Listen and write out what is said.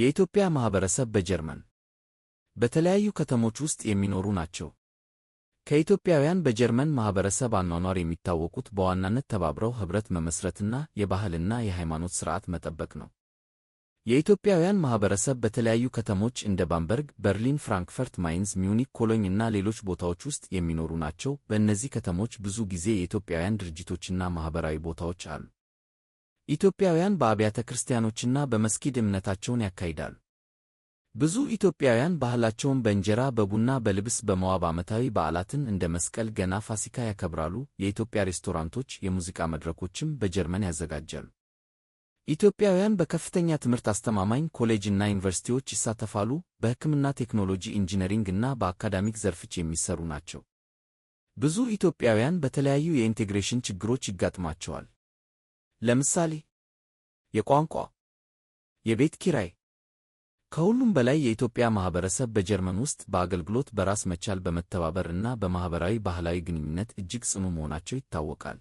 የኢትዮጵያ ማኅበረሰብ በጀርመን በተለያዩ ከተሞች ውስጥ የሚኖሩ ናቸው። ከኢትዮጵያውያን በጀርመን ማኅበረሰብ አኗኗር የሚታወቁት በዋናነት ተባብረው ኅብረት መመስረትና የባህልና የሃይማኖት ሥርዓት መጠበቅ ነው። የኢትዮጵያውያን ማኅበረሰብ በተለያዩ ከተሞች እንደ ባምበርግ፣ በርሊን፣ ፍራንክፈርት፣ ማይንዝ፣ ሚዩኒክ፣ ኮሎኝ እና ሌሎች ቦታዎች ውስጥ የሚኖሩ ናቸው። በእነዚህ ከተሞች ብዙ ጊዜ የኢትዮጵያውያን ድርጅቶችና ማኅበራዊ ቦታዎች አሉ። ኢትዮጵያውያን በአብያተ ክርስቲያኖችና በመስጊድ እምነታቸውን ያካሂዳሉ። ብዙ ኢትዮጵያውያን ባህላቸውን በእንጀራ፣ በቡና፣ በልብስ በመዋብ ዓመታዊ በዓላትን እንደ መስቀል፣ ገና፣ ፋሲካ ያከብራሉ። የኢትዮጵያ ሬስቶራንቶች፣ የሙዚቃ መድረኮችም በጀርመን ያዘጋጃሉ። ኢትዮጵያውያን በከፍተኛ ትምህርት አስተማማኝ ኮሌጅና ዩኒቨርሲቲዎች ይሳተፋሉ። በሕክምና፣ ቴክኖሎጂ፣ ኢንጂነሪንግ እና በአካዳሚክ ዘርፎች የሚሰሩ ናቸው። ብዙ ኢትዮጵያውያን በተለያዩ የኢንቴግሬሽን ችግሮች ይጋጥማቸዋል። ለምሳሌ የቋንቋ የቤት ኪራይ ከሁሉም በላይ የኢትዮጵያ ማህበረሰብ በጀርመን ውስጥ በአገልግሎት በራስ መቻል በመተባበር እና በማህበራዊ ባህላዊ ግንኙነት እጅግ ጽኑ መሆናቸው ይታወቃል።